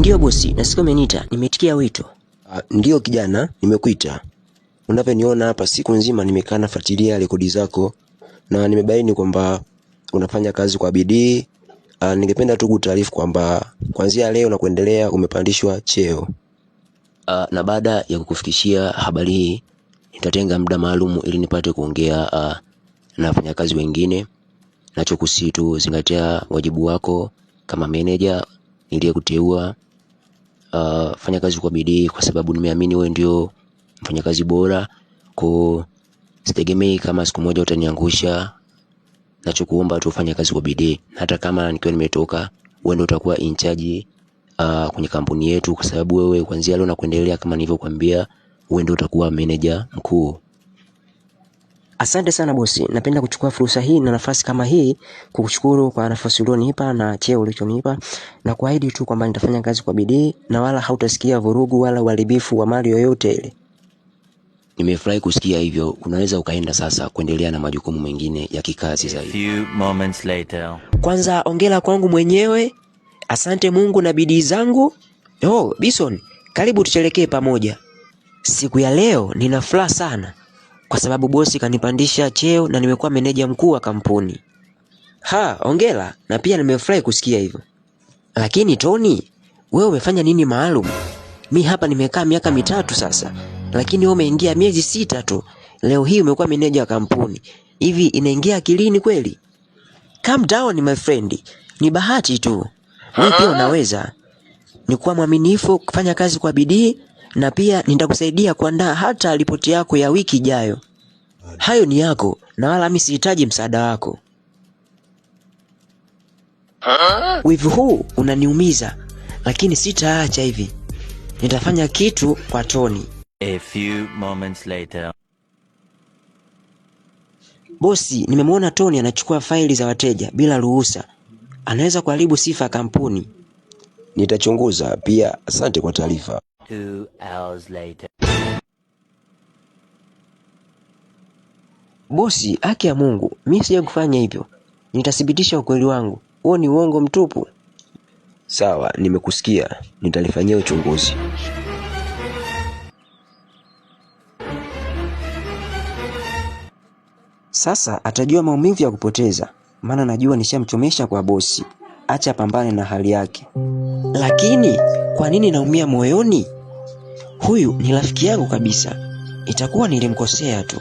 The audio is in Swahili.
Ndiyo bosi, nasikia umeniita, Nimetikia wito. Ah, Ndiyo kijana, nimekuita. Unavyoniona hapa, siku nzima nimekaa nafuatilia rekodi zako na nimebaini kwamba unafanya kazi kwa bidii. Ah, ningependa tu kutaarifu kwamba kuanzia leo na kuendelea umepandishwa cheo. Uh, na baada ya kukufikishia habari hii nitatenga muda maalum ili nipate kuongea uh, na wafanyakazi wengine. Nachokusii tu zingatia wajibu wako kama meneja niliyekuteua uh, fanya kazi kwa bidii, kwa sababu nimeamini wewe ndio mfanyakazi bora. Kwa sitegemei kama siku moja utaniangusha. Nachokuomba tu ufanye kazi kwa bidii, hata kama nikiwa nimetoka, wewe ndio utakuwa in charge uh, kwenye kampuni yetu, kwa sababu wewe kuanzia leo na kuendelea, kama nilivyokuambia, wewe ndio utakuwa manager mkuu. Asante sana bosi, napenda kuchukua fursa hii na nafasi kama hii kukushukuru kwa nafasi ulionipa na cheo ulichonipa na kuahidi tu kwamba nitafanya kazi kwa bidii na wala hautasikia vurugu wala uharibifu wa mali yoyote ile. Nimefurahi kusikia hivyo. Unaweza ukaenda sasa kuendelea na majukumu mengine ya kikazi zaidi. Kwanza ongela kwangu mwenyewe, asante Mungu na bidii zangu. Oh, Bison, karibu tuchelekee pamoja. Siku ya leo nina furaha sana kwa sababu bosi kanipandisha cheo na nimekuwa meneja mkuu wa kampuni. Ha, ongela na pia nimefurahi kusikia hivyo. Lakini Tony, wewe umefanya nini maalum? Mi hapa nimekaa miaka mitatu sasa, lakini wewe umeingia miezi sita tu. Leo hii umekuwa meneja wa kampuni. Hivi inaingia akilini kweli? Calm down my friend. Ni bahati tu. Wewe pia unaweza. Ah. Ni kuwa mwaminifu, kufanya kazi kwa bidii na pia nitakusaidia kuandaa hata ripoti yako ya wiki ijayo. Hayo ni yako na wala mimi sihitaji msaada wako. Wivu huu unaniumiza, lakini sitaacha hivi. Nitafanya kitu kwa Toni. A few moments later. Bosi, nimemwona Tony anachukua faili za wateja bila ruhusa. Anaweza kuharibu sifa ya kampuni. Nitachunguza pia. Asante kwa taarifa. Two hours later. Bosi, haki ya Mungu, mi sija kufanya hivyo, nitathibitisha ukweli wangu. Huo ni uongo mtupu. Sawa, nimekusikia, nitalifanyia uchunguzi. Sasa atajua maumivu ya kupoteza, maana najua nishamchomesha kwa bosi. Acha apambane na hali yake. Lakini kwa nini naumia moyoni? huyu ni rafiki yangu kabisa, itakuwa nilimkosea tu.